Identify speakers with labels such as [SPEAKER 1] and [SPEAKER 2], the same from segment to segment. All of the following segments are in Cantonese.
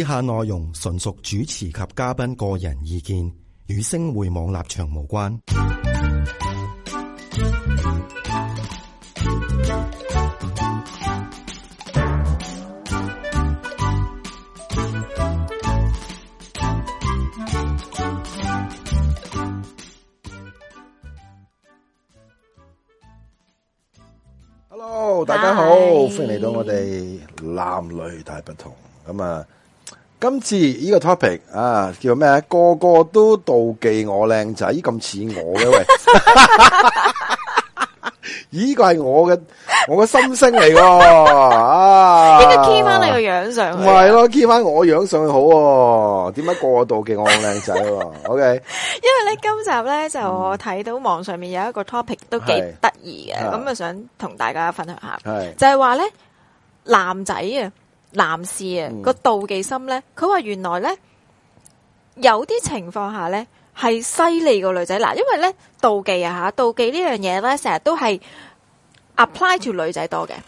[SPEAKER 1] 以下內容純屬主持及嘉賓個人意見，與星匯網立場無關。Hello，大家好，Hi. 歡迎嚟到我哋男女大不同咁啊！今次呢個 topic 啊，叫咩？個個都妒忌我靚仔，咁似我嘅喂，呢個係我嘅我嘅心聲嚟㗎，啊！點解 keep 翻你個樣
[SPEAKER 2] 上去、啊，唔
[SPEAKER 1] 係咯，keep 翻我樣上去好喎、啊！點解個個妒忌我咁靚仔？OK，
[SPEAKER 2] 因為咧今集咧就我睇到網上面有一個 topic 都幾得意嘅，咁、嗯、啊想同大家分享下，係就係話咧男仔啊。男士啊，個妒忌心咧，佢、嗯、話原來咧有啲情況下咧係犀利個女仔嗱，因為咧妒忌啊吓，妒忌，妒忌這呢樣嘢咧成日都係 apply 住女仔多嘅，嗯、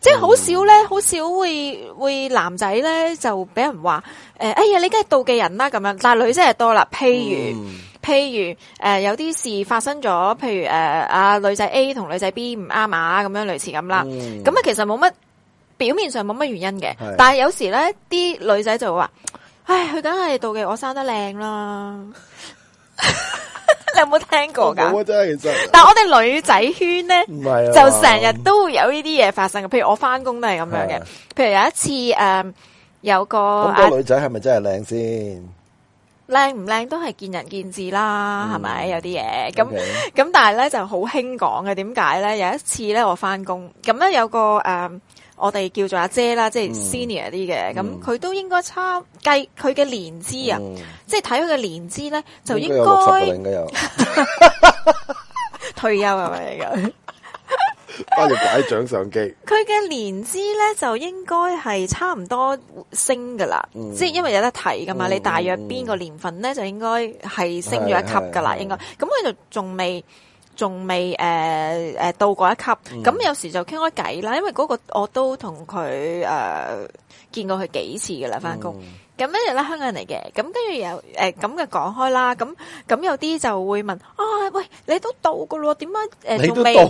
[SPEAKER 2] 即係好少咧，好少會會男仔咧就俾人話誒，哎呀，你梗係妒忌人啦咁樣，但係女仔係多啦，譬如、嗯、譬如誒、呃，有啲事發生咗，譬如誒、呃、啊，女仔 A 同女仔 B 唔啱啊，咁樣類似咁啦，咁、嗯、啊其實冇乜。表面上冇乜原因嘅，的但係有時咧，啲女仔就會話，唉，佢梗係妒忌我生得靚啦。 你有冇聽過噶？
[SPEAKER 1] 真係，但
[SPEAKER 2] 係我哋女仔圈咧，就成日都會有呢啲嘢發生嘅。譬如我翻工都係咁樣嘅。譬如有一次誒、嗯，有個好多女
[SPEAKER 1] 仔係咪真係靚先？
[SPEAKER 2] 靚唔靚都係見仁見智啦，係、嗯、咪？有啲嘢咁咁，但係咧就好輕講嘅。點解咧？有一次咧，我翻工咁咧，有個誒。嗯我哋叫做阿姐啦，即係 senior 啲嘅，咁、嗯、佢都應該差計佢嘅年資啊、嗯，即係睇佢嘅年資咧，就應該 退休係咪啊？翻嚟擺
[SPEAKER 1] 獎相機，
[SPEAKER 2] 佢嘅年資咧就應該係差唔多升噶啦、嗯，即係因為有得睇噶嘛、嗯，你大約邊個年份咧就應該係升咗一級噶啦、嗯嗯，應該咁佢就仲未。仲未誒誒到過一級，咁有時就傾開偈啦，因為嗰個我都同佢誒見過佢幾次噶啦，返工。咁跟住咧，香港人嚟嘅，咁跟住又誒咁嘅講開啦。咁咁有啲就會問啊，喂，你都到噶啦，點解誒仲未到？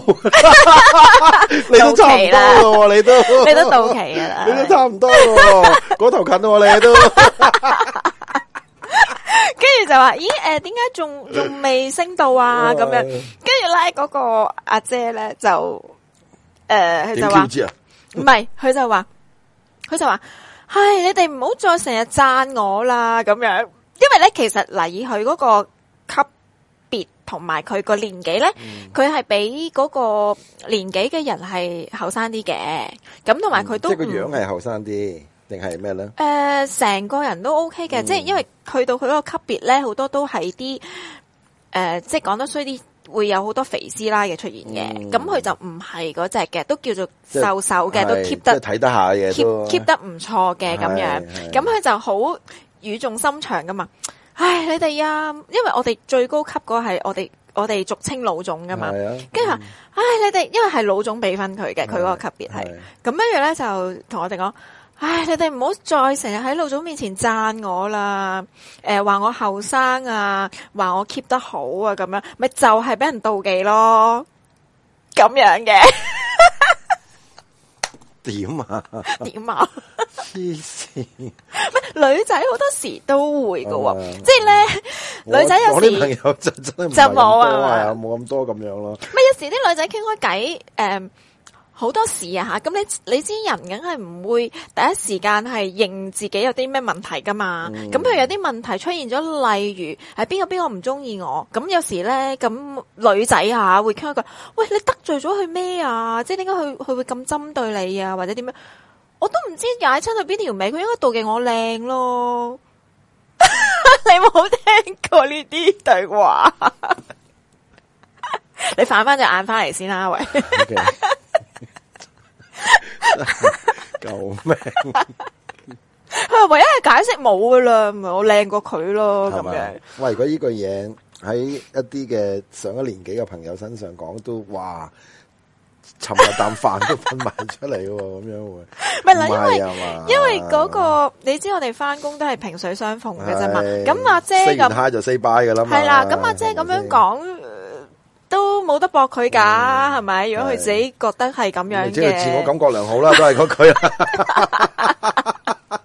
[SPEAKER 2] 你都差唔多啦喎，你都你都到期啦，你
[SPEAKER 1] 都差唔多啦喎，嗰頭近喎，你都。
[SPEAKER 2] 跟住就話，咦？誒，點解仲仲未升到啊？咁樣，跟住拉嗰個阿姐咧，就誒，佢就話，唔係，佢就話，佢就話，唉，你哋唔好再成日讚我啦，咁樣，因為咧，其實嗱以佢嗰個級別同埋佢個年紀咧，佢係比嗰個年紀嘅人係後生啲嘅，咁同埋佢都即係個樣係
[SPEAKER 1] 後生啲。定
[SPEAKER 2] 係咩咧？誒、呃，成個人都 OK 嘅、嗯，即係因為去到佢嗰個級別咧，好多都係啲誒，即係講得衰啲，會有好多肥師奶嘅出現
[SPEAKER 1] 嘅。咁、嗯、佢
[SPEAKER 2] 就唔係嗰隻嘅，都叫做瘦瘦嘅，都 keep 得睇得
[SPEAKER 1] 下嘅，keep keep 得
[SPEAKER 2] 唔錯嘅咁樣。咁佢就好語重心長噶嘛。唉，你哋啊，因為我哋最高級嗰係我哋我哋俗稱老總噶嘛。跟住話，唉，你哋因為係老總俾分佢嘅，佢嗰個級別係咁，跟住咧，就同我哋講。唉，你哋唔好再成日喺老總面前讚我啦！誒、呃，話我後生啊，話我 keep 得好啊，咁樣咪就係、是、俾人妒忌咯，咁樣嘅。點
[SPEAKER 1] 啊？點啊？黐線、啊哦嗯就是！
[SPEAKER 2] 女仔好多時都會噶，即係咧，女仔有啲朋
[SPEAKER 1] 友真真就真係唔有係啊，冇咁多咁樣咯、啊。
[SPEAKER 2] 咪有時啲女仔傾開偈，誒、嗯。好多時啊吓，咁你你知人梗係唔會第一時間係認自己有啲咩問題噶嘛？咁、嗯、譬如有啲問題出現咗，例如係邊個邊個唔中意我，咁有時咧咁女仔吓、啊、會傾一句，喂，你得罪咗佢咩啊？即係點解佢佢會咁針對你啊？或者點樣？我都唔知踩親佢邊條尾，佢應該妒忌我靚咯。 你冇聽過呢啲對話？ 你反翻隻眼翻嚟先啦，喂。Okay.
[SPEAKER 1] 救命！
[SPEAKER 2] 佢唯一係解釋冇噶啦，我靚過佢咯咁樣。
[SPEAKER 1] 喂，如果呢句嘢喺一啲嘅上一年紀嘅朋友身上講，都哇，尋日啖飯都噴埋出嚟咁樣會。唔係啦，因為因為嗰
[SPEAKER 2] 個你知我哋翻工都係萍水相逢嘅啫嘛。咁阿姐咁，say hi
[SPEAKER 1] 就 say bye 噶啦。係啦，咁阿姐咁樣
[SPEAKER 2] 講。都冇得駁佢噶，係、嗯、咪？如果佢自己覺得係咁樣嘅，即係自我感
[SPEAKER 1] 覺良好啦， 都係嗰那句。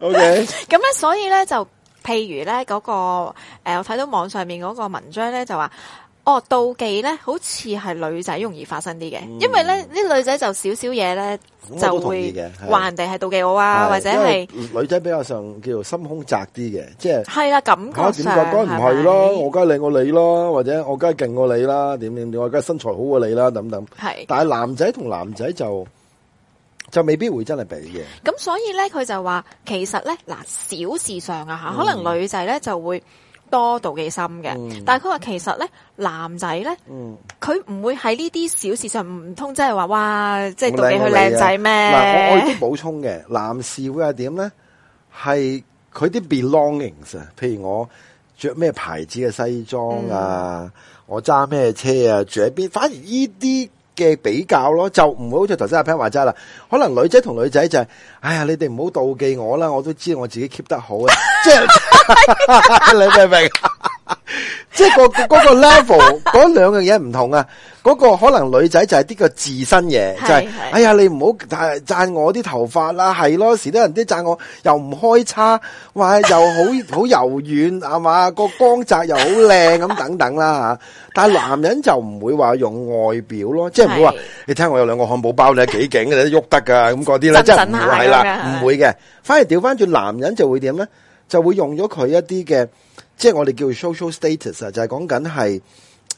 [SPEAKER 1] O K，
[SPEAKER 2] 咁咧，所以咧就，譬如咧嗰，那個，誒、呃，我睇到網上面嗰個文章咧就話。哦，妒忌咧，好似係女仔容易發生啲嘅。嗯，因為咧，啲女仔就少少嘢咧，
[SPEAKER 1] 就會話人
[SPEAKER 2] 哋係妒忌我啊，或者係
[SPEAKER 1] 女仔比較上叫做心胸窄啲嘅，即係係
[SPEAKER 2] 啊感覺上唔係咯，
[SPEAKER 1] 我梗係靚過你咯，或者我梗係勁過你啦，點點點，我梗係身材好過你啦，等等。係，但係男仔同男仔就就未必會真係比嘅。
[SPEAKER 2] 咁所以咧，佢就話其實咧，嗱，小事上啊吓，可能女仔咧就會。嗯多妒忌心嘅，但係佢話其實咧，男仔咧，佢、嗯、唔會喺呢啲小事上，唔通即係話哇，即係妒忌佢靚仔咩？嗱、啊，我
[SPEAKER 1] 我亦都補充嘅，男士會係點咧？係佢啲 belongings，譬如我着咩牌子嘅西裝啊，嗯、我揸咩車啊，住喺邊，反而依啲。嘅比較咯，就唔會好似頭先阿 Pin 話齋啦。可能女仔同女仔就係、是，哎呀，你哋唔好妒忌我啦，我都知我自己 keep 得好啊。 」即係你明唔明？ 即係個、嗰個 level，嗰兩樣嘢唔同啊！嗰、嗰個可能女仔就係啲個自身嘢，就係、是、哎呀，你唔好讚讚我啲頭髮啦，係咯，時都人啲讚我又唔開叉，話、哎、又好好柔軟係嘛，個光澤又好靚咁等等啦吓。但係男人就唔會話用外表咯，即係唔會話你聽我有兩個漢堡包，你幾幾勁你都喐得噶咁嗰啲咧，真係唔會係啦，唔會嘅。反而調翻轉，男人就會點咧，就會用咗佢一啲嘅。即係我哋叫做 social status 啊，就係講緊係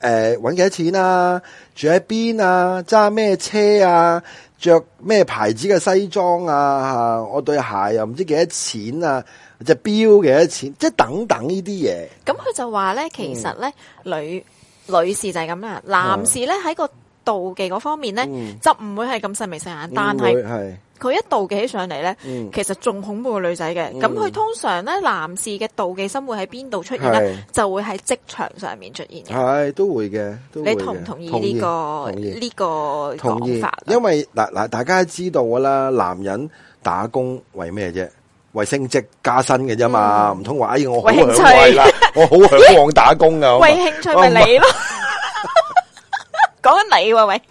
[SPEAKER 1] 誒，搵、呃、幾多錢啊，住喺邊啊，揸咩車啊，着咩牌子嘅西裝啊，啊，我對鞋又、啊、唔知幾多錢啊，隻表幾多錢，即係等等呢啲嘢。
[SPEAKER 2] 咁佢就話咧，其實咧，女女士就係咁啦，男士咧喺個妒忌嗰方面咧，就唔會係咁細眉細眼，但係。佢一妒忌起上嚟咧，其實仲恐怖過女仔嘅。咁、嗯、佢通常咧，男士嘅妒忌心會喺邊度出現咧？就會喺職場上面出現。
[SPEAKER 1] 係都會嘅。你同唔同意呢、呢個呢、呢個
[SPEAKER 2] 講法呢？同意？
[SPEAKER 1] 因為嗱嗱，大家知道噶啦，男人打工為咩啫？為升職加薪嘅啫嘛。唔通話哎呀，我好興趣啦，我好渴望打工噶。為
[SPEAKER 2] 興趣咪 你咯。講緊你喎，喂。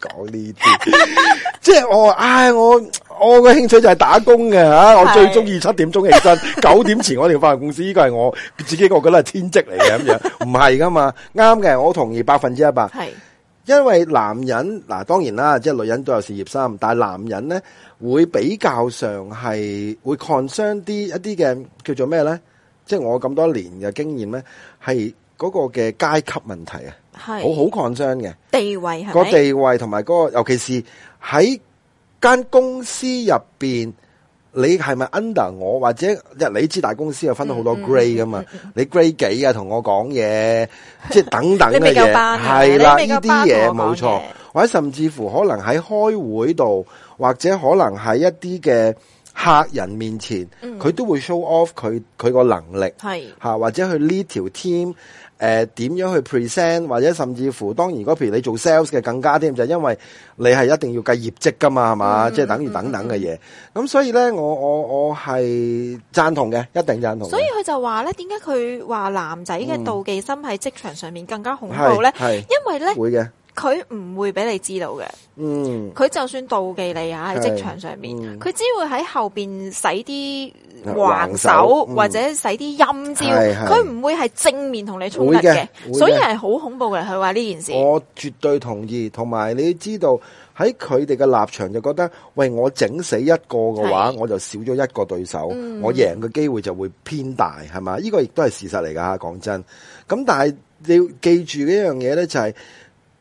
[SPEAKER 1] 講呢啲，即係我，唉、哎，我。我個興趣就係打工嘅吓，我最中意七點鐘起身，九點前我哋翻去公司，呢 個係我自己我覺得係天職嚟嘅咁樣，唔係噶嘛，啱嘅，我同意百分之一百。係，因為男人嗱，當然啦，即係女人都有事業心，但係男人咧會比較上係會擴張啲一啲嘅叫做咩咧，即係我咁多年嘅經驗咧，係嗰個嘅階級問題啊，係，好好擴張嘅
[SPEAKER 2] 地位係咪？嗰個地
[SPEAKER 1] 位同埋嗰個，尤其是喺。間公司入邊，你係咪 under 我，或者即你知大公司有分到好多 grade 噶嘛、嗯嗯？你 grade 幾啊？同我講嘢， 即係等等嘅嘢，係啦，呢啲嘢冇錯，或者甚至乎可能喺開會度，或者可能喺一啲嘅客人面前，佢、嗯、都會 show off 佢佢個能力，係吓，或者去呢條條 team。誒、呃，點樣去 present，或者甚至乎，當然，如果譬如你做 sales 嘅，更加添就係、因為你係一定要計業績噶嘛，係、嗯、嘛，即係、就是、等於等等嘅嘢。咁、嗯、所以咧，我我我係贊同嘅，一定贊同嘅。所
[SPEAKER 2] 以佢就話咧，點解佢話男仔嘅妒忌心喺職場上面更加恐怖咧？係、嗯，因為咧會嘅。佢唔會俾你知道嘅，
[SPEAKER 1] 嗯，佢
[SPEAKER 2] 就算妒忌你啊，喺職場上面，佢、嗯、只會喺後邊使啲
[SPEAKER 1] 橫手，橫手、嗯、或者
[SPEAKER 2] 使啲陰招，佢唔會係正面同你衝突嘅，所以係
[SPEAKER 1] 好恐怖嘅。佢話呢件事，我絕對同意。同埋你要知道喺佢哋嘅立場就覺得，喂，我整死一個嘅話，我就少咗一個對手，嗯、我贏嘅機會就會偏大，係嘛？呢、呢個亦都係事實嚟㗎。講真，咁但係你要記住呢樣嘢呢，就係。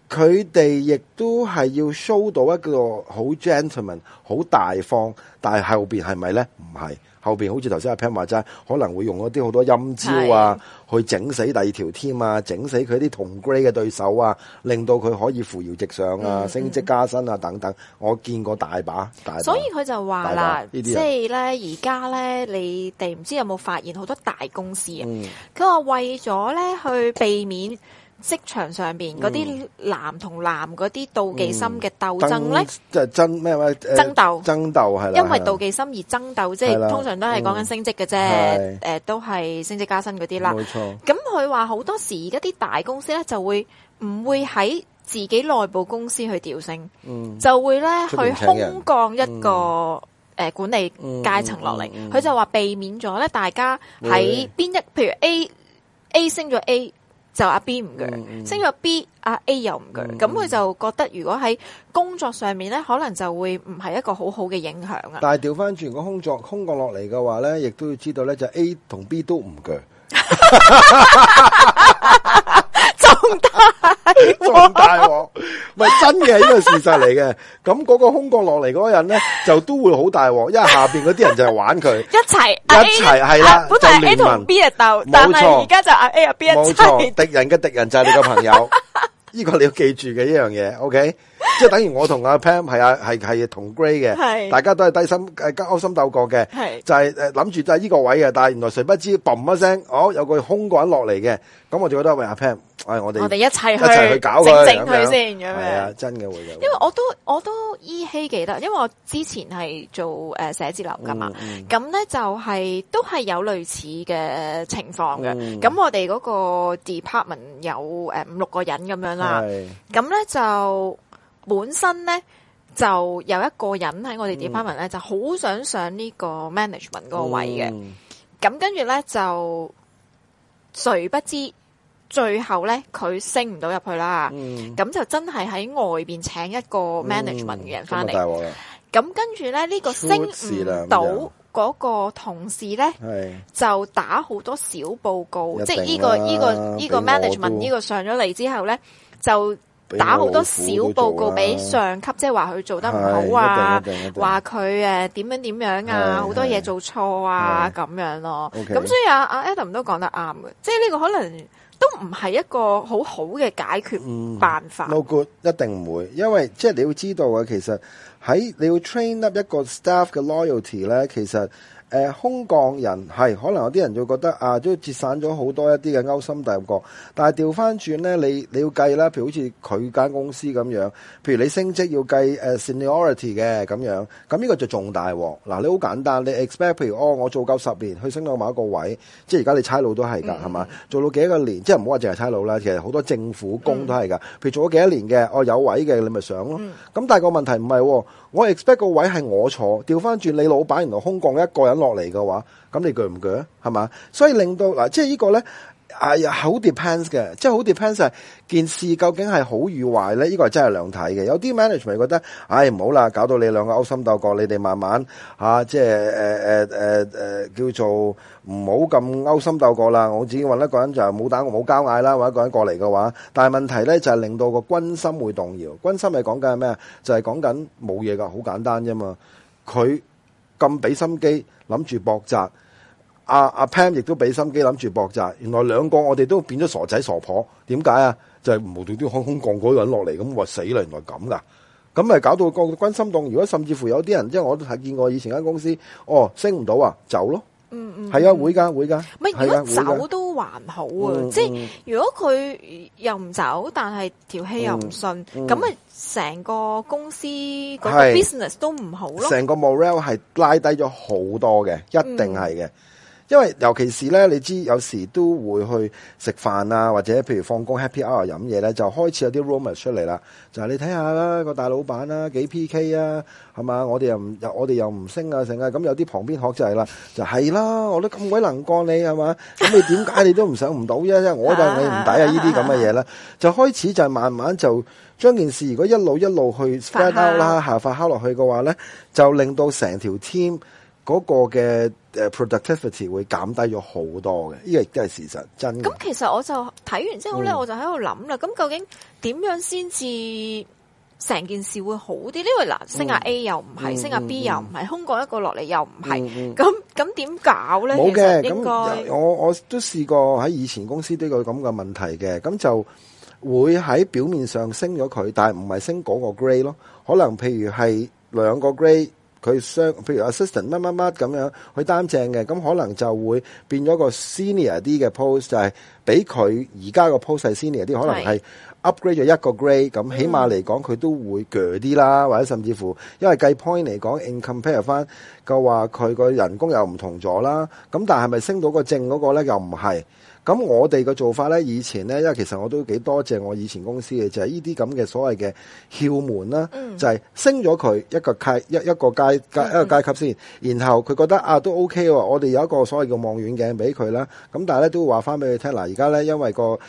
[SPEAKER 1] 佢哋亦都係要 show 到一個好 gentleman，好大方，但係後面係咪咧？唔係，後面好似頭先阿平話齋，可能會用一啲好多陰招啊，去整死第二條 team 啊，整死佢啲同 grade 嘅對手啊，令到佢可以扶搖直上啊，升職加薪啊等等。嗯嗯我見過大把大把，所以佢就話啦，即係咧而家
[SPEAKER 2] 咧，你哋唔知有冇發現好多大公
[SPEAKER 1] 司啊？
[SPEAKER 2] 佢、嗯、話為咗咧去避免。職場上邊嗰啲男同男嗰啲妒忌心嘅鬥爭呢，
[SPEAKER 1] 就爭咩咩爭鬥爭鬥係，因為妒忌
[SPEAKER 2] 心而爭鬥，即係通常都係講緊升職嘅啫。誒，都係升職加薪嗰啲啦。冇錯，咁佢話好多時而家啲大公司呢，就會唔會喺自己內部公司去調升，就會呢去空降一個誒管理階層落嚟。佢就話避免咗呢，大家喺邊一譬如 A A 升咗 A。就阿 B 唔鋸，嗯，升咗 B，阿 A 又唔鋸，咁、嗯、佢就覺得如果喺工作上面咧，可能就會唔係一個好好嘅影響啊但。但係
[SPEAKER 1] 調翻轉個工作空降落嚟嘅話咧，亦都要知道咧，就 A 同 B 都唔鋸。大撞大鑊，唔係真嘅，呢個事實嚟嘅。咁、那、嗰個空降落嚟嗰個人咧，就都會好大鑊，因為下邊嗰啲人就玩佢，
[SPEAKER 2] 一齊一齊係啦。本嚟 A 同 B 啊鬥，冇錯。而家就阿 A 啊 B 啊，冇錯。
[SPEAKER 1] 敵人嘅敵人就係你嘅朋友，呢 個你要記住嘅一樣嘢。OK，即 係等於我同阿 Pam 係係係同 Gray 嘅，係大家都係低心誒勾心鬥角嘅，係就係誒諗住就係呢個位嘅，但係原來誰不知嘭一聲，哦有個空降落嚟嘅，咁我就覺得係阿 Pam。哎、我哋我哋一齊去一齊去搞佢，靜靜樣樣先，係咪？係啊，真嘅會，因為
[SPEAKER 2] 我都我都依稀記得，因為我之前係做誒寫字樓噶嘛，咁、嗯、咧就係、是、都係有類似嘅情況嘅。咁、嗯、我哋嗰個 department 有誒五六個人咁樣啦。咁咧就本身咧就有一個人喺我哋 department 咧、嗯、就好想上呢個 management 嗰個位嘅。咁跟住咧就誰不知。最後咧，佢升唔到入去啦，咁、嗯、就真係喺外邊請一個 management、嗯、嘅人翻嚟。咁跟住咧，呢、呢個升唔到嗰個同事咧，就打好多小報告，啊、即係、這、呢個呢、呢個呢、呢個 management 呢、呢個上咗嚟之後咧，就打好多小報告俾上級，啊、即係話佢做得唔好啊，話佢誒點樣點樣啊，好多嘢做錯啊咁樣咯。咁、okay、所以啊阿 Adam 都講得啱嘅，即係呢個可能。都唔係一個好好嘅解決辦法。嗯
[SPEAKER 1] ，No good，一定唔會，因為即係你要知道啊，其實喺你要 train up 一個 staff 嘅 loyalty 咧，其實。誒、呃、空降人係，可能有啲人就覺得啊，都節省咗好多一啲嘅勾心鬥角。但係調翻轉咧，你你要計啦，譬如好似佢間公司咁樣，譬如你升職要計誒、呃、seniority 嘅咁樣，咁呢個就重大喎、啊。嗱，你好簡單，你 expect 譬如哦，我做夠十年去升到某一個位，即係而家你差佬都係㗎，係、嗯、嘛？做到幾多年，即係唔好話淨係差佬啦，其實好多政府工都係㗎、嗯。譬如做咗幾多年嘅，哦有位嘅，你咪想咯、啊。咁、嗯、但係個問題唔係、啊，我 expect 個位係我坐，調翻轉你老闆原來空降一個人。落嚟嘅話，咁你攰唔攰？咧？係嘛，所以令到嗱，即係呢個咧，呀，好 depends 嘅，即係好 depends 係件事究竟係好與壞咧？呢、這個係真係兩睇嘅。有啲 management 覺得，唉、哎，唔好啦，搞到你兩個心你慢慢、啊呃呃呃呃、勾心鬥角，你哋慢慢吓，即係誒誒誒誒，叫做唔好咁勾心鬥角啦。我自己搵一個人就冇打冇交嗌啦，搵一個人過嚟嘅話，但係問題咧就係、是、令到個軍心會動搖。軍心係講緊咩啊？就係講緊冇嘢噶，好簡單啫嘛，佢。咁俾心機諗住搏扎，阿、啊、阿、啊、Pam 亦都俾心機諗住搏扎。原來兩個我哋都變咗傻仔傻婆，點解啊？就係、是、無端端空空降嗰個人落嚟咁，話死啦！原來咁噶，咁咪搞到個軍心動。如果甚至乎有啲人，即係我都係見過以前間公司，哦升唔到啊，走咯。嗯嗯，係、嗯、啊，會噶會噶，唔係如果走都
[SPEAKER 2] 還好啊、嗯，即係、嗯、如果佢又唔走，但係條氣又唔順，咁咪成個公司嗰個 business、嗯、都唔好咯，成
[SPEAKER 1] 個 morale 係拉低咗好多嘅，一定係嘅、嗯。嗯因為尤其是咧，你知有時都會去食飯啊，或者譬如放工 happy hour 飲嘢咧，就開始有啲 rumor 出嚟啦。就係你睇下啦，個大老闆啦幾 PK 啊，係嘛？我哋又唔我哋又唔升啊，成啊咁有啲旁邊學就係啦，就係啦，我都咁鬼能幹你係嘛？咁你點解你都唔想唔到啫？我就你唔抵啊！呢啲咁嘅嘢咧，就開始就慢慢就將件事如果一路一路去 spread out 啦，下發酵落去嘅話咧，就令到成條 team。嗰個嘅 productivity 會減低咗好多嘅，呢個亦都係事實真嘅。咁
[SPEAKER 2] 其實我就睇完之後咧，我就喺度諗啦。咁究竟點樣先至成件事會好啲？因為嗱，升下 A 又唔係，升下 B 又唔係，空降一個落嚟又唔係，咁咁點搞咧？冇嘅，咁我
[SPEAKER 1] 我都試過喺以前公司呢個咁嘅問題嘅，咁就會喺表面上升咗佢，但係唔係升嗰個 grade 咯，可能譬如係兩個 grade。佢相譬如 assistant 乜乜乜咁樣去擔正嘅，咁可能就會變咗個 senior 啲嘅 post，就係俾佢而家個 post 係 senior 啲，可能係 upgrade 咗一個 grade。咁起碼嚟講，佢都會鋸啲啦，或者甚至乎，因為計 point 嚟講，in compare 翻，嘅話佢個人工又唔同咗啦。咁但係咪升到個正嗰個咧？又唔係。咁我哋嘅做法呢，以前呢，因為其實我都幾多謝我以前公司嘅，就係呢啲咁嘅所謂嘅竅門啦，嗯、就係升咗佢一個階一一個階一個階級先，嗯、然後佢覺得啊都 OK 喎，哦，我哋有一個所謂嘅望遠鏡俾佢啦，咁但係呢，都會話翻俾佢聽嗱，而家呢，因為個。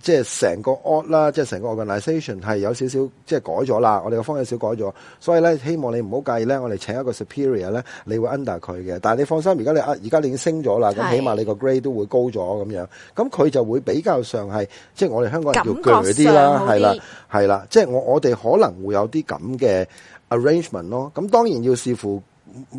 [SPEAKER 1] 即係成個 odd 啦，即係成個 organisation 係有少少即係改咗啦。我哋個方向少改咗，所以咧希望你唔好介意咧。我哋請一個 superior 咧，你會 under 佢嘅。但係你放心，而家你啊，而家你已經升咗啦，咁起碼你個 grade 都會高咗咁樣。咁佢就會比較上係即係我哋香港人要強啲啦，係啦，係啦。即係我我哋可能會有啲咁嘅 arrangement 咯。咁當然要視乎，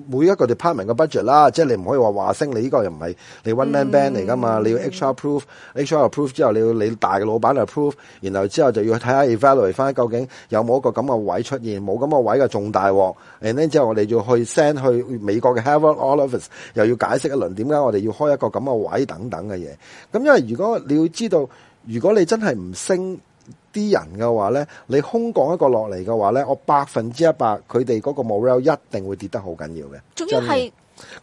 [SPEAKER 1] 每一個 department 嘅 budget 啦，即係你唔可以話話升，你呢個又唔係你 one man band 嚟噶嘛，你要 extra proof，extra proof 之後你要你大嘅老闆 approve，然後之後就要睇下 evaluate 翻究竟有冇一個咁嘅位出現，冇咁嘅位嘅重大鑊。Mm-hmm. 然後之後我哋要去 send 去美國嘅 head office，又要解釋一輪點解我哋要開一個咁嘅位等等嘅嘢，咁因為如果你要知道，如果你真係唔升。啲人嘅話咧，你空降一個落嚟嘅話咧，我百分之一百佢哋嗰個 morale 一定會跌得好緊要嘅。仲要
[SPEAKER 2] 係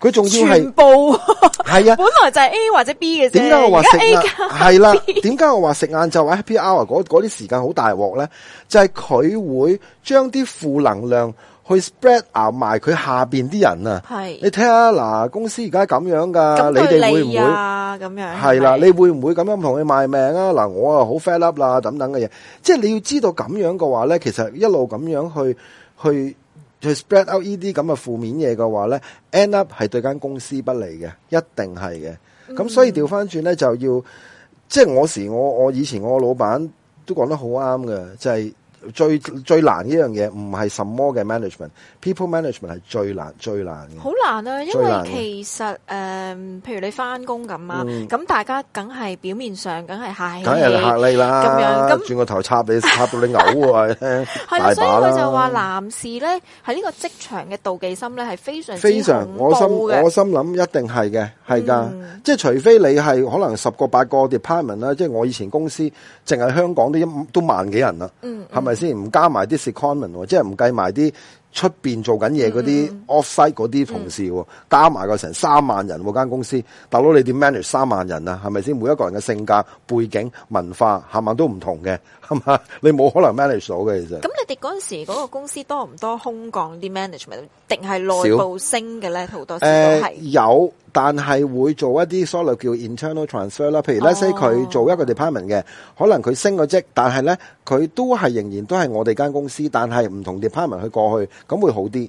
[SPEAKER 2] 佢仲要係，係啊，本來就係 A 或者 B 嘅啫。點解我話食係啦？
[SPEAKER 1] 點解我話食晏晝啊？happy hour 嗰嗰啲時間好大鑊咧，就係、是、佢會將啲負能量。去 spread out 埋佢下邊啲人啊！係你睇下嗱，公司而家咁樣噶、啊，你哋會唔會咁樣？係啦，你會唔會咁樣同佢賣命啊？嗱、啊，我啊好 fed up 啦，等等嘅嘢，即係你要知道咁樣嘅話咧，其實一路咁樣去去去 spread out 呢啲咁嘅負面嘢嘅話咧、mm -hmm.，end up 係對間公司不利嘅，一定係嘅。咁所以調翻轉咧，就要即係我時我我以前我老闆都講得好啱嘅，就係、是。最最難呢樣嘢唔係什麼嘅 management，people management 係最難最難嘅。好
[SPEAKER 2] 難啊，因為其實誒、呃，譬如你翻工咁啊，咁、嗯、大家梗係表面上梗係客氣，梗係客氣啦。咁樣咁
[SPEAKER 1] 轉個頭插你頭插到你嘔啊，係 大把啦、呃、 所以佢就話
[SPEAKER 2] 男士咧喺呢個職場嘅妒忌心咧係非常的非常我心我心
[SPEAKER 1] 諗一定係嘅係噶，即係除非你係可能十個八個 department 啦，即係我以前公司淨係香港啲都,一都,一都一萬幾人啦，嗯。嗯咪先唔加埋啲 secondment 即係唔計埋啲出邊做緊嘢嗰啲 offsite 嗰啲同事，mm -hmm. 加埋個成三萬人，間公司大佬你點 manage 三萬人啊？係咪先？每一個人嘅性格、背景、文化，係咪都唔同嘅？係嘛？你冇可能 manage 到嘅其實。咁
[SPEAKER 2] 你哋嗰陣時嗰個公司多唔多空降啲 management？定係內部升嘅咧？好多時都係、
[SPEAKER 1] 呃、有。但係會做一啲所謂叫 internal transfer 啦，譬如，let's say 佢做一個 department 嘅，可能佢升咗職，但係呢，佢都係仍然都係我哋間公司，但係唔同 department 去過去，咁會好啲。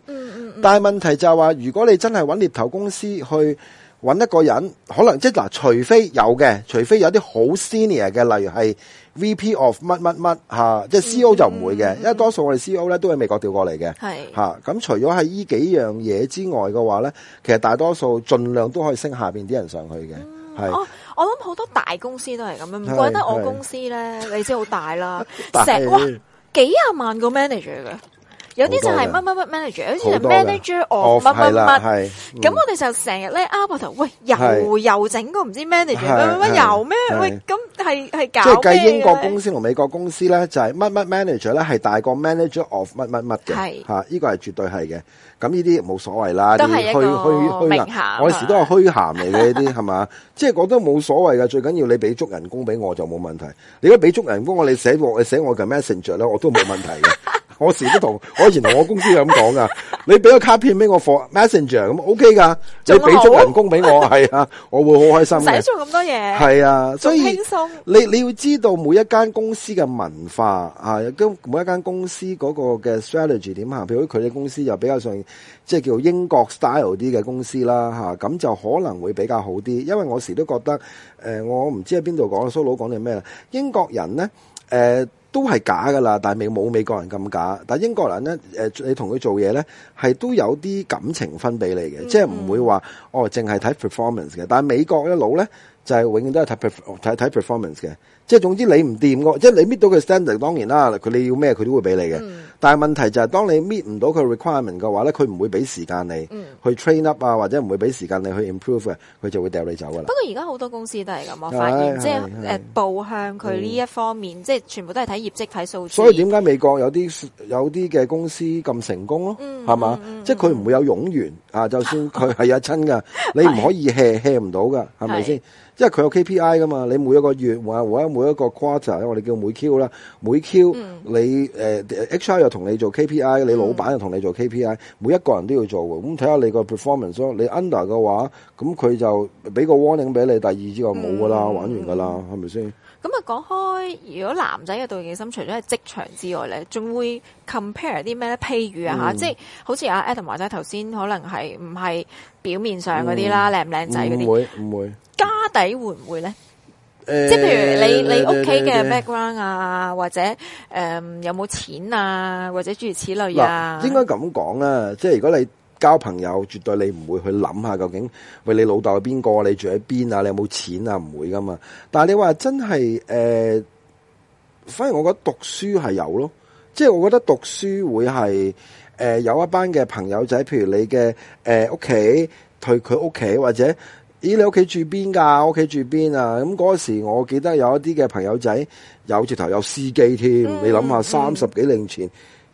[SPEAKER 1] 但係問題就係話，如果你真係揾獵頭公司去。揾一個人可能即係嗱，除非有嘅，除非有啲好 senior 嘅，例如係 VP of 乜乜乜吓，即係 CO 就唔會嘅，因為多數我哋 CO 咧都喺美國調過嚟嘅。係吓，咁除咗喺依幾樣嘢之外嘅話咧，其實大多數盡量都可以升下面啲人上去嘅。哦、
[SPEAKER 2] 嗯，我諗好多大公司都係咁樣，唔怪得我公司咧，你知好大啦，成 哇幾廿萬個 manager 嘅。有啲就係乜乜乜 manager，好似係 manager of 乜乜乜。咁我哋就成日咧，阿伯頭喂又又整個唔知 manager 乜乜又咩？喂，咁係係搞。即係計英國公
[SPEAKER 1] 司同美國公司咧，就係乜乜 manager 咧，係大過 manager of 乜乜乜嘅。係吓，呢個係絕對係嘅。咁呢啲冇所謂啦，都係虛虛虛啦。我時都係虛銜嚟嘅呢啲，係嘛？即係講得冇所謂噶，最緊要你俾足人工俾我就冇問題。如果俾足人工，我哋寫我寫我嘅 messenger 咧，我都冇問題嘅。我時都同我以前同我公司咁講噶，你俾個卡片俾我 for Messenger 咁 OK 噶，你俾足人工俾我係啊，我會好開心使 做咁多嘢係啊，所以你你要知道每一間公司嘅文化每一間公司嗰個嘅 strategy 點行。譬如佢哋公司又比較上即係、就是、叫英國 style 啲嘅公司啦吓，咁就可能會比較好啲。因為我時都覺得誒、呃，我唔知喺邊度講蘇魯講定咩，英國人咧誒。呃都係假噶啦，但係冇美國人咁假。但係英國人咧，誒，你同佢做嘢咧，係都有啲感情分俾你嘅，嗯、即係唔會話哦，淨係睇 performance 嘅。但係美國一佬咧，就係、是、永遠都係睇 per 睇睇 performance 嘅。即係總之你唔掂，即係你搣到佢 standard，當然啦，佢你要咩佢都會俾你嘅。嗯嗯。但係問題就係，當你 meet 唔到佢 requirement 嘅話咧，佢唔會俾時間你去 train up 啊，或者唔會俾時間你去 improve，佢就會掉你走噶啦、嗯。不
[SPEAKER 2] 過而家好多公司都係咁，我發現即係步向佢呢一方面，即係全部都係睇業績睇數
[SPEAKER 1] 字。所以點解美國有啲有啲嘅公司咁成功咯？係、嗯、嘛、嗯嗯？即係佢唔會有冗員啊、嗯，就算佢係一親㗎， 你唔可以 hea hea 唔到㗎，係咪先？因為佢有 KPI 㗎嘛，你每一個月或者每一個 quarter，我哋叫每 Q 啦，每 Q、嗯、你、uh, HR。同你做 KPI，你老闆又同你做 KPI、嗯、每一個人都要做嘅。咁睇下你個 performance 咯，你 under 嘅話，咁佢就俾個 warning 俾你。第二之就冇噶啦，玩完噶啦，係咪先？
[SPEAKER 2] 咁、嗯、啊，講、嗯、開、嗯嗯，如果男仔嘅妒忌心除咗係職場之外咧，仲會 compare 啲咩咧？譬如啊，吓、嗯，即係好似阿 Adam 或者頭先，可能係唔係表面上嗰啲啦，靚唔靚仔嗰啲，唔、嗯、
[SPEAKER 1] 會，唔會，
[SPEAKER 2] 家底會唔會咧？
[SPEAKER 1] 誒即係譬如你你屋企嘅
[SPEAKER 2] background 啊，或者誒、嗯、有冇錢啊，或者諸如此類啊。應
[SPEAKER 1] 該咁講啊。即係如果你交朋友，絕對你唔會去諗下究竟喂，你老豆係邊個，你住喺邊啊，你有冇錢啊，唔會噶嘛。但係你話真係誒、呃，反而我覺得讀書係有咯，即係我覺得讀書會係誒、呃、有一班嘅朋友仔，譬如你嘅誒屋企，佢佢屋企或者。咦、哎，你屋企住邊噶？屋企住邊啊？咁嗰、啊、時我記得有一啲嘅朋友仔有直頭有司機添，你諗下三十幾年前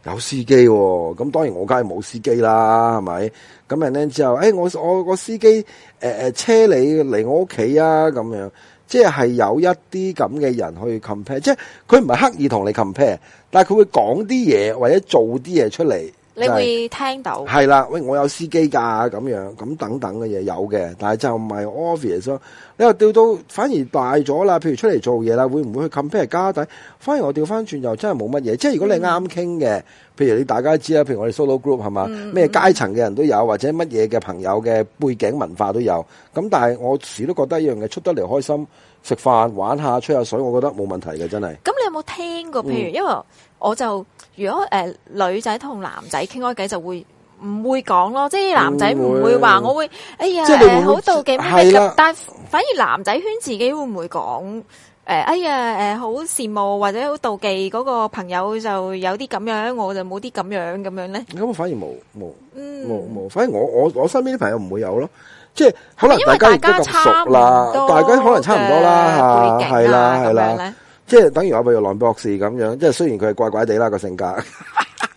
[SPEAKER 1] 有司機，啊，咁當然我梗係冇司機啦，係咪？咁人咧之後，誒、哎，我我個司機誒誒車你嚟我屋企啊？咁樣即係有一啲咁嘅人去 compare，即係佢唔係刻意同你 compare，但係佢會講啲嘢或者做啲嘢出嚟。你會
[SPEAKER 2] 聽到係
[SPEAKER 1] 啦、就是，喂，我有司機噶咁樣咁等等嘅嘢有嘅，但係就唔係 obvious 咯。你話調到反而大咗啦，譬如出嚟做嘢啦，會唔會去 compete 家底？反而我調翻轉又真係冇乜嘢。即係如果你啱傾嘅，嗯、譬如你大家知啦，譬如我哋 solo group 係嘛，咩階層嘅人都有，或者乜嘢嘅朋友嘅背景文化都有。咁但係我時都覺得一樣嘢出得嚟開心，食飯玩下吹下水，我覺得冇問題嘅，真係。
[SPEAKER 2] 咁你有冇聽過？譬如、嗯、因為我就。如果誒女仔同男仔傾開偈就會唔會講咯，即係男仔唔會話，我會哎呀誒好妒忌咁，但係反而男仔圈自己會唔會講誒哎呀誒好羨慕或者好妒忌嗰個朋友就有啲咁樣，我就冇啲咁樣咁樣咧？咁我反而冇冇，嗯冇
[SPEAKER 1] 冇，反而我我我身邊啲朋友唔會有咯，即係可能大家因為差唔多，大家可能差唔多啦嚇，係啦係啦。即係等於我譬如梁博士咁樣，即係雖然佢係怪怪地啦個性格，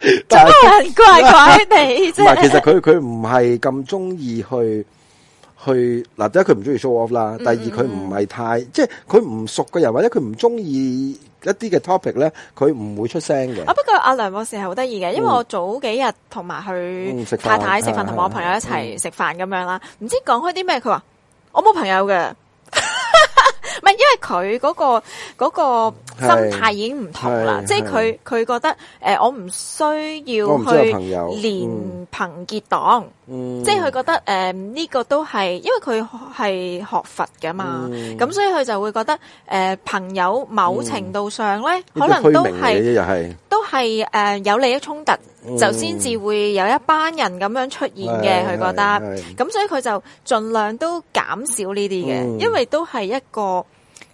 [SPEAKER 2] 真係怪怪地。唔係，其實佢
[SPEAKER 1] 佢唔係咁中意去去嗱，第一佢唔中意 show off 啦、嗯嗯，第二佢唔係太即係佢唔熟嘅人或者佢唔中意一啲嘅 topic 咧，佢唔會出聲嘅。啊，不
[SPEAKER 2] 過阿梁博士係好得意嘅，因為我早幾日同埋去太太食飯，同我朋友一齊食飯咁樣啦，唔知講開啲咩，佢話我冇朋友嘅。唔係，因為佢嗰個嗰個心態已經唔同啦。即係佢佢覺得誒、呃、我唔需要去連朋結黨、嗯，
[SPEAKER 1] 嗯，即係佢覺
[SPEAKER 2] 得誒呢、呃呢個都係因為佢係學佛噶嘛。咁、嗯、所以佢就會覺得誒、呃、朋友某程度上咧、嗯，可能都係都係誒有利益衝突。就先至會有一班人咁樣出現嘅，佢、嗯、覺得，咁所以佢就盡量都減少呢啲嘅，因為都係一個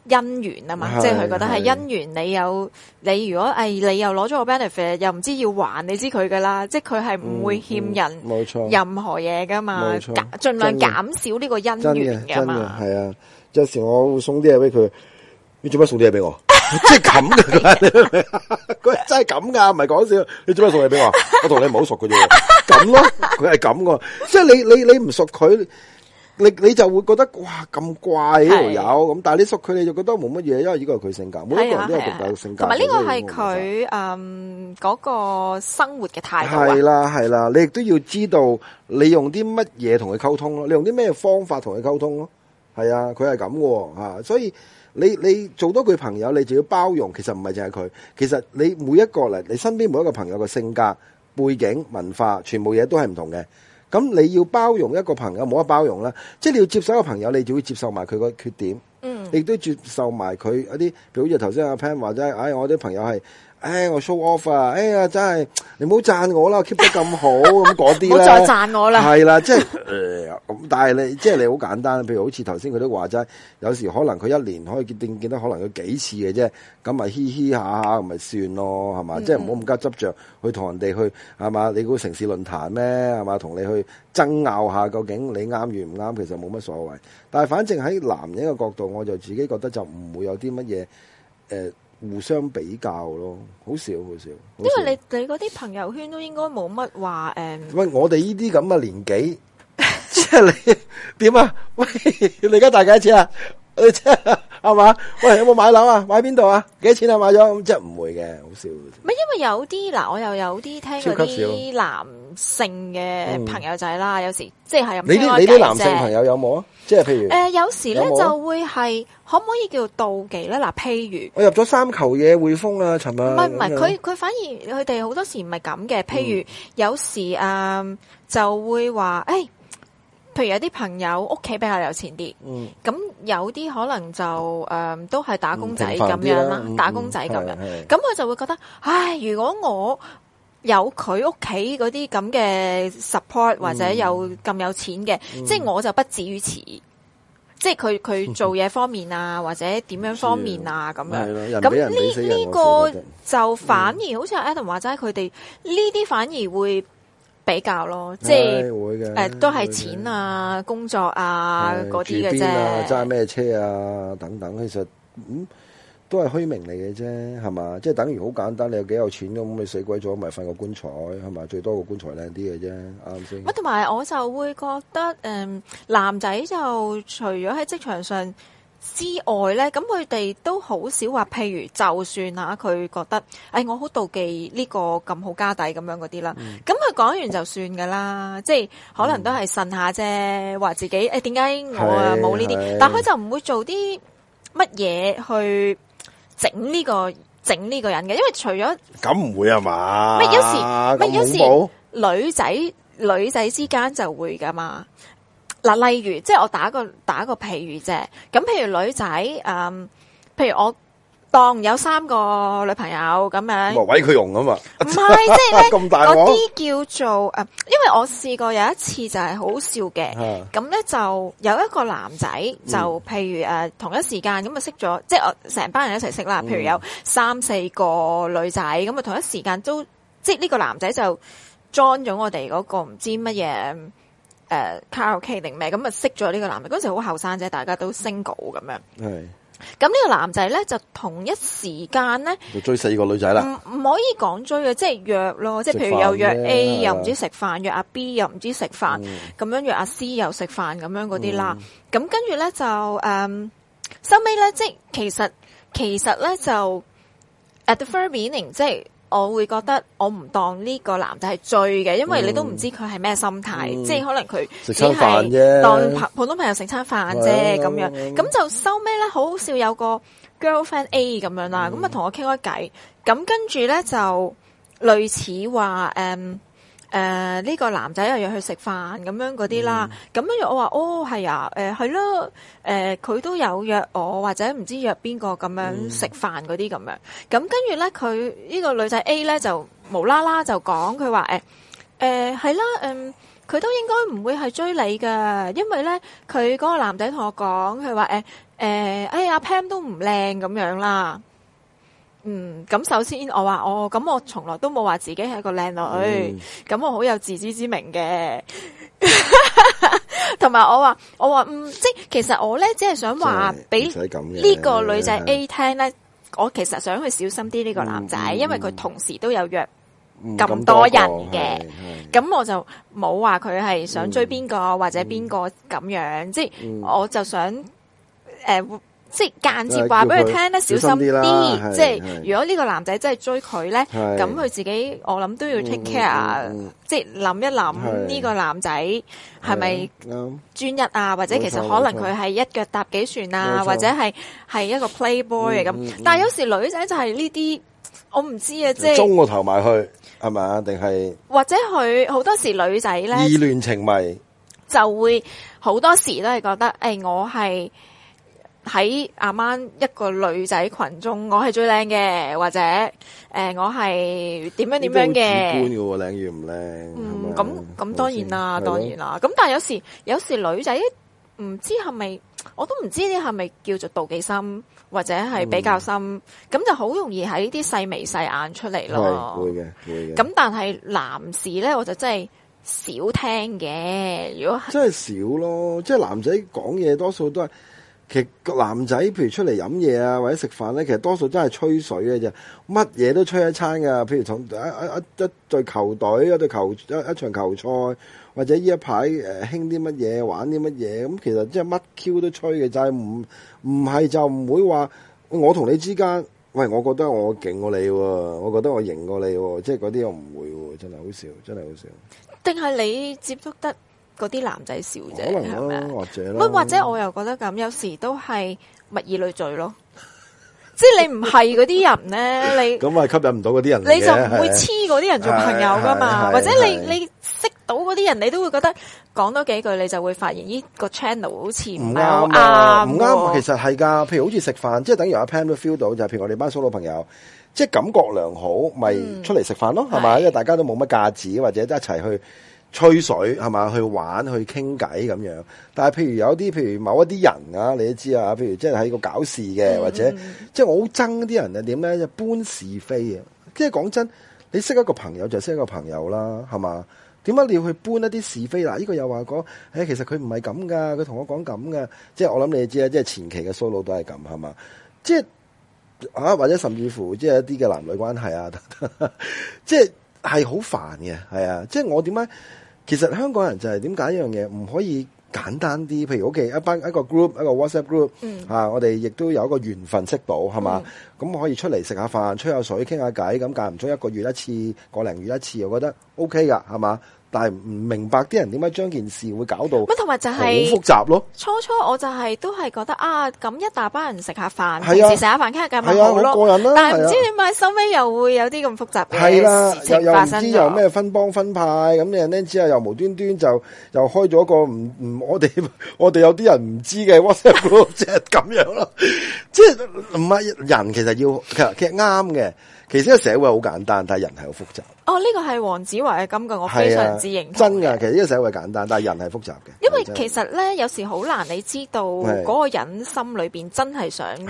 [SPEAKER 2] 姻緣啊嘛，即係佢覺得係姻緣。你有你如果誒、哎，你又攞咗個 benefit，又唔知要還，你知佢噶啦，即係佢係唔會欠人，
[SPEAKER 1] 冇錯，任
[SPEAKER 2] 何嘢噶嘛，盡、嗯嗯、量減少呢個姻緣噶嘛。
[SPEAKER 1] 係啊，有、就、時、是、我會送啲嘢俾佢，你做咩送啲嘢俾我？即係咁噶佢真係咁噶，唔係講笑。你做咩送嘢俾我？我同你唔係好熟嘅啫。咁咯，佢係咁噶。即係你你你唔熟佢，你你就會覺得哇咁怪有咁。但係你熟佢，你就覺得冇乜嘢，因為呢個係佢性格。每一個人都有獨特嘅性格。咁啊，呢個係佢
[SPEAKER 2] 嗯嗰個生活嘅態度。係啦
[SPEAKER 1] 係啦，你亦都要知道你用啲乜嘢同佢溝通咯，你用啲咩方法同佢溝通咯？係啊，佢係咁噶吓，所以。你你做多句朋友，你就要包容。其實唔係淨係佢，其實你每一個嚟，你身邊每一個朋友嘅性格、背景、文化，全部嘢都係唔同嘅。咁你要包容一個朋友，冇得包容啦。即係你要接受一個朋友，你就要接受埋佢個缺點。嗯，亦都接受埋佢一啲，譬如好似頭先阿 Pan 話齋，唉、哎，我啲朋友係。誒，我 show off 啊！哎呀，真係你唔好讚 我啦，keep 得咁好咁講啲啦，
[SPEAKER 2] 唔好再讚我啦。係啦，即係誒，
[SPEAKER 1] 咁但係你即係你好簡單，譬如好似頭先佢都話齋，有時可能佢一年可以見見得可能佢幾次嘅啫，咁咪嘻嘻下下咁咪算咯，係嘛？嗯嗯即係唔好咁加執着去同人哋去，係嘛？你估城市論壇咩？係嘛？同你去爭拗下，究竟你啱與唔啱，其實冇乜所謂。但係反正喺男人嘅角度，我就自己覺得就唔會有啲乜嘢誒。呃互相比較咯，好少好少。因為你
[SPEAKER 2] 你嗰啲朋友圈都應該冇乜話
[SPEAKER 1] 誒、喂、嗯，我哋呢啲咁嘅年紀，即 係 你點啊？喂，你而家大幾多錢啊？即係係嘛？喂，有冇買樓啊？買邊度啊？幾多錢啊？買咗咁即係唔會嘅，好少。
[SPEAKER 2] 唔係因為有啲嗱，我又有啲聽嗰啲男。性嘅朋友仔啦，嗯、有時即係又唔知你啲你啲男性朋
[SPEAKER 1] 友有冇啊？即係譬如誒、呃，有時咧就
[SPEAKER 2] 會係可唔可以叫妒忌咧？嗱，譬如我入
[SPEAKER 1] 咗三球嘢匯豐啊，尋日唔係唔係，佢
[SPEAKER 2] 佢反而佢哋好多時唔係咁嘅。譬如有時誒、呃、就會話誒、哎，譬如有啲朋友屋企比較有錢啲，咁、嗯、有啲可能就誒、呃、都係打工仔咁、嗯、樣啦，打工仔咁、嗯、樣，咁佢就會覺得唉，如果我。有佢屋企嗰啲咁嘅 support 或者有咁有錢嘅、嗯，即係我就不至於此。嗯、即係佢佢做嘢方面啊， 或者點樣方面啊咁樣。
[SPEAKER 1] 咁呢呢個就反而，
[SPEAKER 2] 就反而、嗯、好似阿 Adam 話齋，佢哋呢啲反而會比較咯。即係誒都係錢啊、工作啊嗰啲嘅啫。揸
[SPEAKER 1] 咩、啊、車啊？等等，其實嗯。都係虛名嚟嘅啫，係嘛？即係等於好簡單，你有幾有錢咁，你死鬼咗咪瞓個棺材係咪？最多個棺材靚啲嘅啫，啱唔啱先？喂，
[SPEAKER 2] 同埋我就會覺得誒、嗯，男仔就除咗喺職場上之外咧，咁佢哋都好少話，譬如就算啊，佢覺得，誒、哎、我好妒忌呢個咁好家底咁樣嗰啲啦，咁佢講完就算噶啦、嗯，即係可能都係呻下啫，話自己誒點解我啊冇呢啲，但佢就唔會做啲乜嘢去。整呢個整呢個人嘅，因為除咗
[SPEAKER 1] 咁唔會啊嘛，咩有時咩有時
[SPEAKER 2] 女仔女仔之間就會噶嘛。嗱，例如即係我打個打個譬如啫，咁譬如女仔，嗯，譬如我。當有三個女朋友咁樣，啊，咪搵佢
[SPEAKER 1] 用啊嘛？唔係，即係咧啲
[SPEAKER 2] 叫做誒，因為我試過有一次就係好笑嘅，咁、啊、咧就有一個男仔就譬如誒、嗯、同一時間咁啊識咗，即係我成班人一齊識啦，嗯、譬如有三四個女仔咁啊同一時間都即係呢個男仔就裝咗我哋嗰個唔知乜嘢誒卡拉 OK 定咩咁啊識咗呢個男嘅嗰陣時好後生啫，大家都 single 咁樣。咁呢個男仔咧就同一時間咧就
[SPEAKER 1] 追四個女仔啦，唔
[SPEAKER 2] 唔可以講追嘅，即係約咯，即係譬如又約 A 又唔知食飯，約阿 B 又唔知食飯，咁、嗯、樣約阿 C 又食飯，咁樣嗰啲啦。咁跟住咧就誒，收尾咧即係其實其實咧就 at the first meeting、嗯、即係。我會覺得我唔當呢個男仔係追嘅，因為你都唔知佢係咩心態，嗯、即係可能佢只係當普通朋友食餐飯啫咁、嗯嗯嗯、樣，咁、嗯嗯、就收尾咧，好好笑，有個 girlfriend A 咁樣啦，咁啊同我傾開偈，咁跟住咧就類似話誒誒、呃、呢、呢個男仔又約去食飯咁樣嗰啲啦，咁跟住我話哦係啊，誒係咯，佢、呃、都有約我或者唔知約邊個咁樣食飯嗰啲咁樣，咁跟住咧佢呢、這個女仔 A 咧就無啦啦就講佢話誒係啦，嗯佢、呃呃呃、都應該唔會係追你㗎。」因為咧佢嗰個男仔同我講佢話誒誒，哎阿 Pam 都唔靚咁樣啦。嗯，咁首先我話哦，咁我從來都冇話自己係一個靚女，咁、嗯、我好有自知之明嘅。同 埋我話我話，嗯，即其實我咧，只係想話俾
[SPEAKER 1] 呢個女仔 A、啊、
[SPEAKER 2] 聽咧，我其實想去小心啲呢個男仔，嗯嗯嗯，因為佢同時都有約
[SPEAKER 1] 咁多人嘅，咁、嗯嗯
[SPEAKER 2] 嗯、我就冇話佢係想追邊個或者邊個咁樣，即係、嗯、我就想誒。呃即係間接話俾佢聽咧，小心啲。即係、即係、如果呢個男仔真係追佢咧，咁佢自己我諗都要 take care，即係諗一諗呢、這個男仔係咪專一啊？或者其實可能佢係一腳踏幾船啊？或者係係一個 playboy 咁、嗯。但係有時女仔就係呢啲，我唔知啊，即、嗯、係、嗯即係。中個
[SPEAKER 1] 頭埋去，係嘛？定係
[SPEAKER 2] 或者佢好多時女仔咧意
[SPEAKER 1] 亂情迷，
[SPEAKER 2] 就會好多時都係覺得誒、哎，我係。喺阿媽一個女仔群中，我係最靚嘅，或者誒、呃，我係點樣點樣嘅，主
[SPEAKER 1] 觀嘅，靚與唔靚？嗯，咁
[SPEAKER 2] 咁當然啦，當然啦。咁但係有時，有時女仔唔知係咪，我都唔知呢，係咪叫做妒忌心，或者係比較深，咁、嗯、就好容易喺啲細眉細眼出嚟咯。會嘅，會嘅。咁但係男士咧，我就真係少聽嘅。
[SPEAKER 1] 如果真係少咯，即、就、係、是、男仔講嘢，多數都係。其實個男仔，譬如出嚟飲嘢啊，或者食飯呢，其實多數真係吹水嘅啫，乜嘢都吹一餐噶。譬如同一、一、一隊球隊、一隊球一、場球賽，或者呢一排誒，興啲乜嘢，玩啲乜嘢，咁其實即係乜 Q 都吹嘅，就係唔唔係就唔會話我同你之間，喂，我覺得我勁過你，我覺得我贏過你，即係嗰啲我唔會，真係好笑，真係好笑。
[SPEAKER 2] 定係你接觸得？嗰啲男仔小姐
[SPEAKER 1] 或者，或者我
[SPEAKER 2] 又覺得咁，有時都係物以類聚咯。 即係你唔係嗰啲人咧，你
[SPEAKER 1] 咁啊吸引唔到嗰啲人，你就唔會黐嗰啲人做朋友噶嘛。或者你你
[SPEAKER 2] 識到嗰啲人，你都會覺得講多幾句，你就會發現呢個 channel 好似唔啱。唔啱，啊啊，其
[SPEAKER 1] 實係㗎。譬如好似食飯，即係等於阿 Pan 都 feel 到，就係，譬如我哋班蘇老朋友，即係感覺良好，咪出嚟食飯咯，係，嗯，咪？因為大家都冇乜架子，或者一齊去。吹水係嘛？去玩去傾偈咁樣，但係譬如有啲譬如某一啲人啊，你都知啊，譬如即係喺個搞事嘅，或者、mm -hmm. 即係我好憎啲人啊點咧就搬是非啊！即係講真，你識一個朋友就識一個朋友啦，係嘛？點解你要去搬一啲是非嗱？呢、呢個又話講，誒、哎、其實佢唔係咁噶，佢同我講咁噶，即係我諗你知啊，即係前期嘅 solo 都係咁係嘛？即係啊，或者甚至乎即係一啲嘅男女關係啊， 即係係好煩嘅，係啊！即係我點解？其實香港人就係點解一樣嘢唔可以簡單啲？譬如屋企一班一個 group，一個 WhatsApp group，嗯、啊，我哋亦都有一個緣分識到，係嘛？咁、嗯嗯、可以出嚟食下飯、吹下水、傾下偈，咁間唔中一個月一次、一個零月一次，我覺得 OK 㗎，係嘛？但係唔明白啲人點解將件事會搞到乜？同埋就係好複雜咯、就是。
[SPEAKER 2] 初初我就係都係覺得啊，咁一大班人食下飯，甚至食下飯，今日咁啊，啊好過癮咯、啊。但係唔知點解收尾又會有啲咁複雜嘅嘢發生，又唔知有咩
[SPEAKER 1] 分幫分派咁你咧，啊、分分後之後又無端端就又開咗一個唔唔，我哋我哋有啲人唔知嘅 WhatsApp 咯， 即係咁樣咯，即係唔係人其實要其實其實啱嘅。其實個社會好簡單，但係人係好複雜。
[SPEAKER 2] 哦，呢個係黃子華嘅金句，我非常之認同嘅。真
[SPEAKER 1] 噶，其實呢個社會簡單，但係人係複雜嘅。因為其實
[SPEAKER 2] 咧，有時好難，你知道嗰個人心裏邊真係想點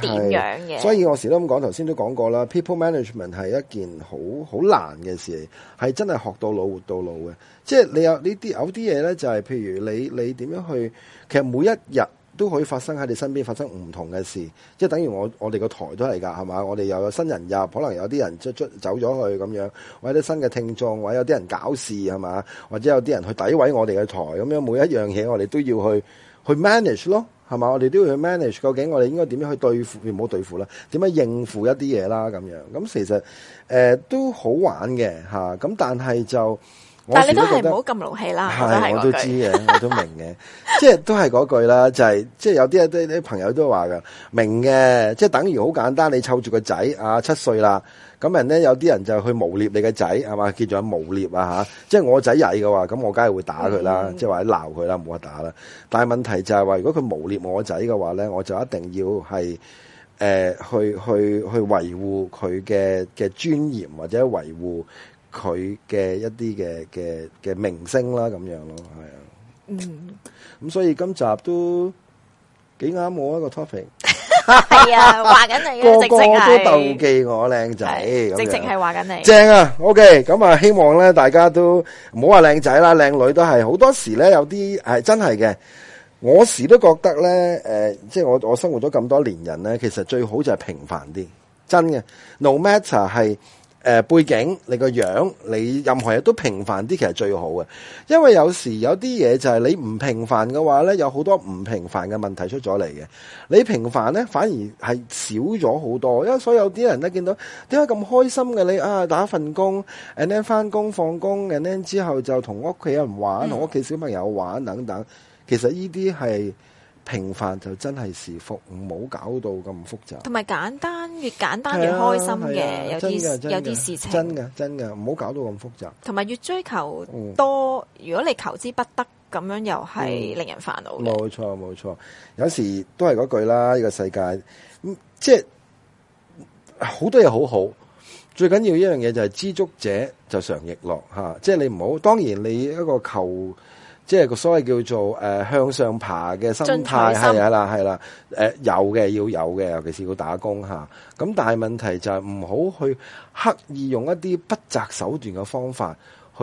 [SPEAKER 2] 樣嘅。
[SPEAKER 1] 所以我時都咁講，頭先都講過啦，people management 係一件好好難嘅事，係真係學到老活到老嘅。即係你有，你有呢啲有啲嘢咧，就係、是、譬如你你點樣去，其實每一日。都可以發生喺你身邊發生唔同嘅事，即係等於我我哋個台都係㗎，係嘛？我哋又有新人入，可能有啲人出出走咗去咁樣，或者新嘅聽眾，或者有啲人搞事係嘛？或者有啲人去詆毀我哋嘅台咁樣，每一樣嘢我哋都要去去 manage 咯，係嘛？我哋都要去 manage，究竟我哋應該點樣去對付，唔好對付啦，點樣應付一啲嘢啦咁樣。咁其實誒、呃、都好玩嘅嚇，咁、啊、但係就。但係你都係唔好
[SPEAKER 2] 咁勞氣啦，係我，我都知
[SPEAKER 1] 嘅， 我都明嘅，即係都係嗰句啦，就係、是、即係有啲啊，啲啲朋友都話噶，明嘅，即係等於好簡單，你湊住個仔啊，七歲啦，咁人咧，有啲人就去誣衊你個仔係嘛，叫做誣衊啊吓，即係我仔曳嘅話，咁我梗係會打佢啦，嗯、即係或者鬧佢啦，冇得打啦。但係問題就係話，如果佢誣衊我仔嘅話咧，我就一定要係誒、呃、去去去維護佢嘅嘅尊嚴或者維護。佢嘅一啲嘅嘅嘅明星啦，咁樣咯，係啊，嗯，咁所以今集都幾啱我一個 topic，係
[SPEAKER 2] 啊，話緊你，個個都妒
[SPEAKER 1] 忌我靚仔，直情係話緊
[SPEAKER 2] 你，正啊
[SPEAKER 1] ，OK，咁啊，希望咧大家都唔好話靚仔啦，靚女都係好多時咧，有啲係真係嘅，我時都覺得咧，誒，即係我我生活咗咁多年人咧，其實最好就係平凡啲，真嘅，no matter 係。誒，背景你個樣，你任何嘢，都平凡啲，其實最好嘅。因為有時有啲嘢就係你唔平凡嘅話呢，有好多唔平凡嘅問題出咗嚟嘅。你平凡呢，反而係少咗好多。因為所以有啲人呢見到，點解咁開心嘅你啊？打份工，然後翻工放工，然後之後就同屋企人玩，同屋企小朋友玩等等。其實呢啲係。平凡就真係是福，唔好搞到咁複雜。
[SPEAKER 2] 同埋簡單，越簡單越開心嘅。啊啊啊，有啲有啲事情。
[SPEAKER 1] 真嘅真嘅，唔好搞到咁複雜。
[SPEAKER 2] 同埋越追求多，嗯，如果你求之不得，咁樣又係令人煩惱。
[SPEAKER 1] 冇錯冇錯，有時都係嗰句啦。呢、這個世界，即係好多嘢好好，最緊要一樣嘢就係、是、知足者就常亦樂吓。即、就、係、是、你唔好，當然你一個求。即係個所謂叫做誒、呃、向上爬嘅心態係係啦，係啦，誒，有嘅要有嘅，尤其是要打工吓。咁但係問題就係唔好去刻意用一啲不擇手段嘅方法，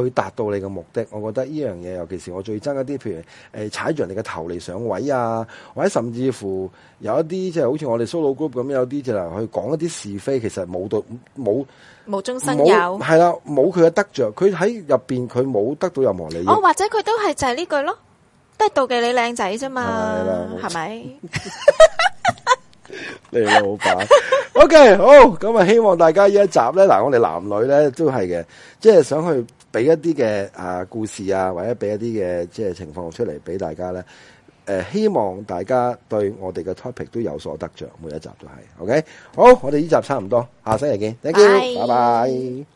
[SPEAKER 1] 去達到你嘅目的，我覺得呢樣嘢，尤其是我最憎一啲，譬如誒踩著人哋嘅頭嚟上位啊，或者甚至乎有一啲即係好似我哋 solo group 咁，有啲就嚟去講一啲是非，其實冇到，冇無
[SPEAKER 2] 中生有，係
[SPEAKER 1] 啦，冇佢嘅得著，佢喺入面，佢冇得到任何利益。哦、oh，
[SPEAKER 2] 或者佢都係就係呢句咯，都係妒忌你靚仔啫嘛，係咪？
[SPEAKER 1] 你老闆，OK，好咁啊！希望大家呢一集咧，嗱，我哋男女咧都係嘅，即係想去。俾一啲嘅啊故事啊，或者俾一啲嘅即係情況出嚟俾大家咧，誒、呃，希望大家對我哋嘅 topic 都有所得着，每一集都係，OK，好，我哋呢集差唔多，下星期見，再見，拜拜。